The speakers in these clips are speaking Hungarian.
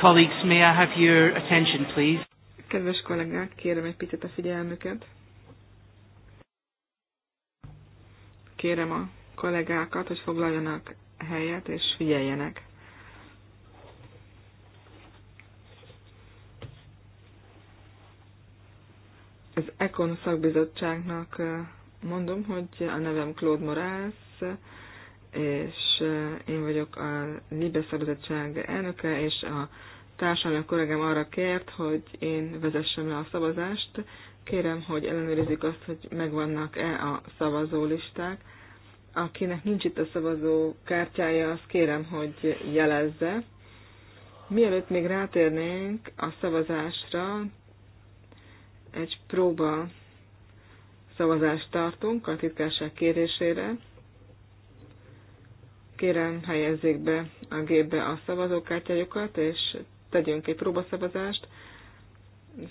colleagues, may I have your attention, please? Kedves kollégák, kérem egy picit a figyelmüket. Kérem a kollégákat, hogy foglaljanak helyet és figyeljenek. Az Econ szakbizottságnak eh, mondom, hogy a nevem Claude Morales, és eh, én vagyok a Libe Szabadság elnöke, és a társadalmi kollégám arra kért, hogy én vezessem le a szavazást. Kérem, hogy ellenőrizzük azt, hogy megvannak-e a szavazólisták. Akinek nincs itt a szavazó kártyája, azt kérem, hogy jelezze. Mielőtt még rátérnénk a szavazásra, egy próba szavazást tartunk a titkárság kérésére Kérem, helyezzék be a gépbe a szavazókártyájukat, és tegyünk egy próbaszavazást.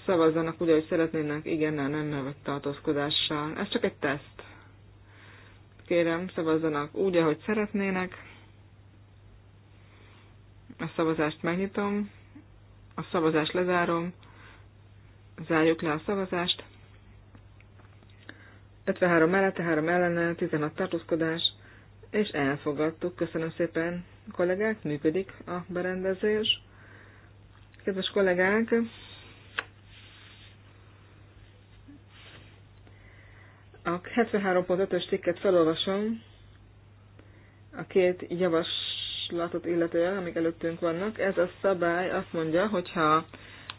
Szavazzanak úgy, ahogy szeretnének, igennel, nem vagy tartózkodással. Ez csak egy teszt. Kérem, szavazzanak úgy, ahogy szeretnének. A szavazást megnyitom, a szavazást lezárom, zárjuk le a szavazást. 53 mellette, 3 ellene, 16 tartózkodás és elfogadtuk. Köszönöm szépen, kollégák, működik a berendezés. Kedves kollégák, a 73.5-ös cikket felolvasom, a két javaslatot illetően, amik előttünk vannak. Ez a szabály azt mondja, hogyha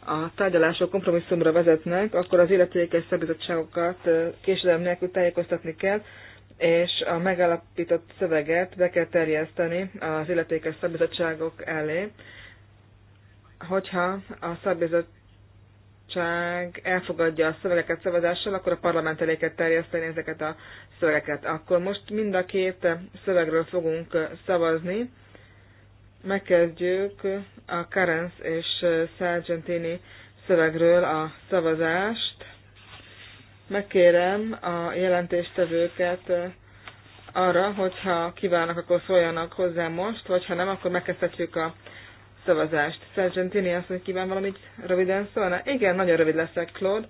a tárgyalások kompromisszumra vezetnek, akkor az illetékes szabizottságokat késedelem nélkül tájékoztatni kell és a megalapított szöveget be kell terjeszteni az illetékes szabizottságok elé, hogyha a szabizottság elfogadja a szövegeket szavazással, akkor a parlament elé kell terjeszteni ezeket a szövegeket. Akkor most mind a két szövegről fogunk szavazni. Megkezdjük a Karens és Sargentini szövegről a szavazást. Megkérem a jelentéstevőket arra, hogyha kívánnak, akkor szóljanak hozzá most, vagy ha nem, akkor megkezdhetjük a szavazást. Sargentini azt mondja, kíván valamit röviden szólna? Igen, nagyon rövid leszek, Claude.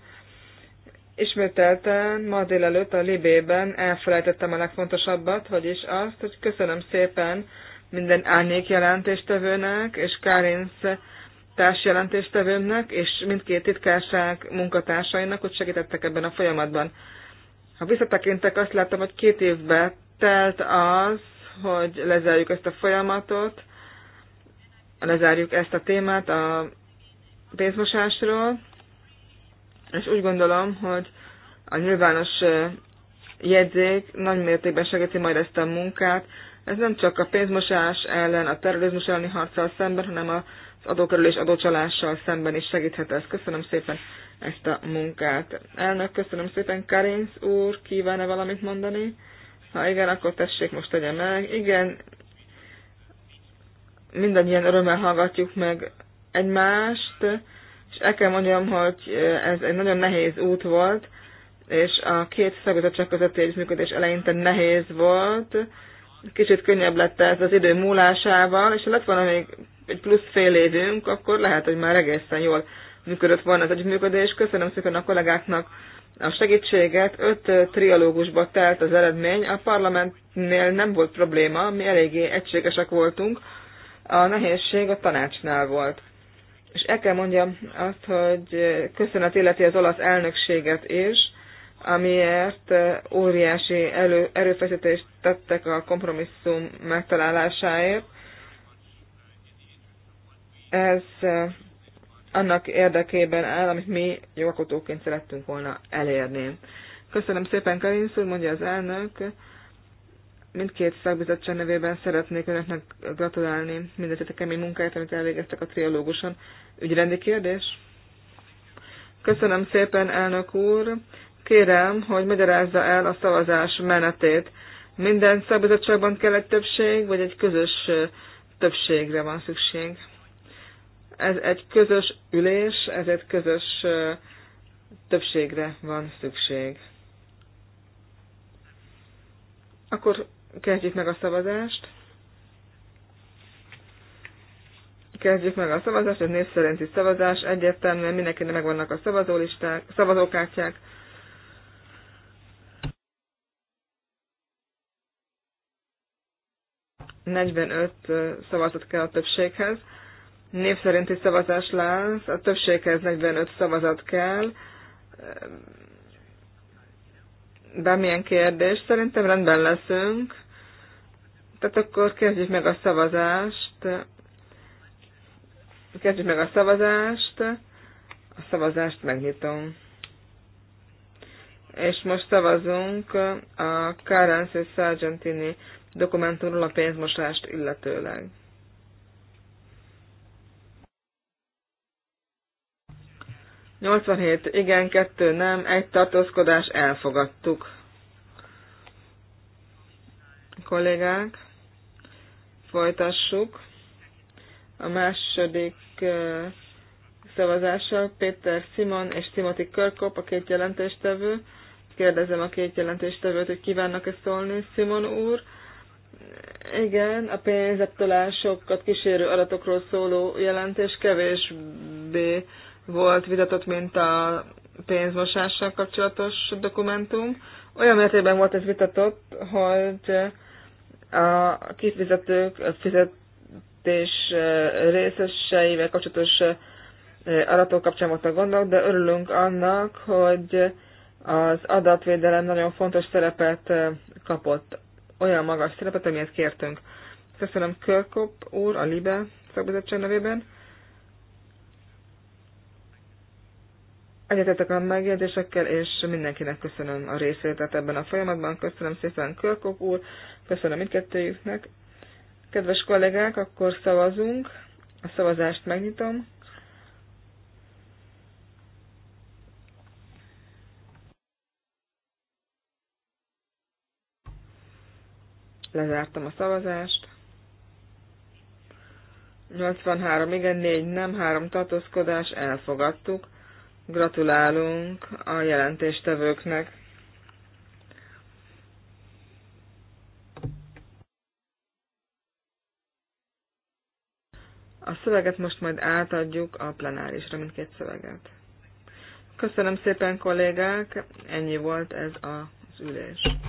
Ismételten ma délelőtt a Libében elfelejtettem a legfontosabbat, vagyis azt, hogy köszönöm szépen minden árnyék jelentéstevőnek és Kárinsz társjelentéstevőmnek és mindkét titkárság munkatársainak, hogy segítettek ebben a folyamatban. Ha visszatekintek, azt láttam, hogy két évbe telt az, hogy lezárjuk ezt a folyamatot, lezárjuk ezt a témát a pénzmosásról, és úgy gondolom, hogy a nyilvános eh, jegyzék nagy mértékben segíti majd ezt a munkát, ez nem csak a pénzmosás ellen, a terrorizmus elleni harccal szemben, hanem az adókerülés adócsalással szemben is segíthet ez. Köszönöm szépen ezt a munkát. Elnök, köszönöm szépen. Karinz úr, kíván-e valamit mondani? Ha igen, akkor tessék, most tegye meg. Igen, mindannyian örömmel hallgatjuk meg egymást, és el kell mondjam, hogy ez egy nagyon nehéz út volt, és a két szakbizottság közötti együttműködés eleinte nehéz volt, kicsit könnyebb lett ez az idő múlásával, és ha lett volna még egy plusz fél évünk, akkor lehet, hogy már egészen jól működött volna az együttműködés. Köszönöm szépen a kollégáknak a segítséget. Öt trialógusba telt az eredmény. A parlamentnél nem volt probléma, mi eléggé egységesek voltunk. A nehézség a tanácsnál volt. És el kell mondjam azt, hogy köszönet illeti az olasz elnökséget is, amiért eh, óriási elő, erőfeszítést tettek a kompromisszum megtalálásáért. Ez eh, annak érdekében áll, amit mi jogalkotóként szerettünk volna elérni. Köszönöm szépen, Karinsz úr, mondja az elnök. Mindkét szakbizottság nevében szeretnék önöknek gratulálni mindezet a kemény munkáját, amit elvégeztek a triológuson. Ügyrendi kérdés? Köszönöm szépen, elnök úr. Kérem, hogy magyarázza el a szavazás menetét. Minden szakbizottságban kell egy többség, vagy egy közös többségre van szükség? Ez egy közös ülés, ez egy közös többségre van szükség. Akkor kezdjük meg a szavazást. Kezdjük meg a szavazást, ez név szerinti szavazás, egyértelműen mindenkinek megvannak a szavazólisták, szavazókártyák. 45 szavazat kell a többséghez. Név szerinti szavazás lesz, a többséghez 45 szavazat kell. Bármilyen kérdés, szerintem rendben leszünk. Tehát akkor kezdjük meg a szavazást. Kezdjük meg a szavazást. A szavazást megnyitom. És most szavazunk a Karency Sargentini dokumentumról a pénzmosást illetőleg. Nyolcvanhét igen, kettő nem, egy tartózkodás elfogadtuk. Kollégák, folytassuk. A második szavazással Péter Simon és Timothy Körkop, a két jelentéstevő. Kérdezem a két jelentéstevőt, hogy kívánnak-e szólni, Simon úr. Igen, a pénzettolásokat kísérő adatokról szóló jelentés kevésbé volt vitatott, mint a pénzmosással kapcsolatos dokumentum. Olyan mértékben volt ez vitatott, hogy a kifizetők a fizetés részeseivel kapcsolatos adatok kapcsán voltak gondok, de örülünk annak, hogy az adatvédelem nagyon fontos szerepet kapott olyan magas szerepet, amilyet kértünk. Köszönöm Körkop úr, a Libe szakbizottság nevében. Egyetetek a megjegyzésekkel, és mindenkinek köszönöm a részvételt ebben a folyamatban. Köszönöm szépen Körkop úr, köszönöm mindkettőjüknek. Kedves kollégák, akkor szavazunk. A szavazást megnyitom. Lezártam a szavazást. 83 igen, 4 nem, 3 tartózkodás, elfogadtuk. Gratulálunk a jelentéstevőknek. A szöveget most majd átadjuk a plenárisra, mindkét szöveget. Köszönöm szépen kollégák, ennyi volt ez az ülés.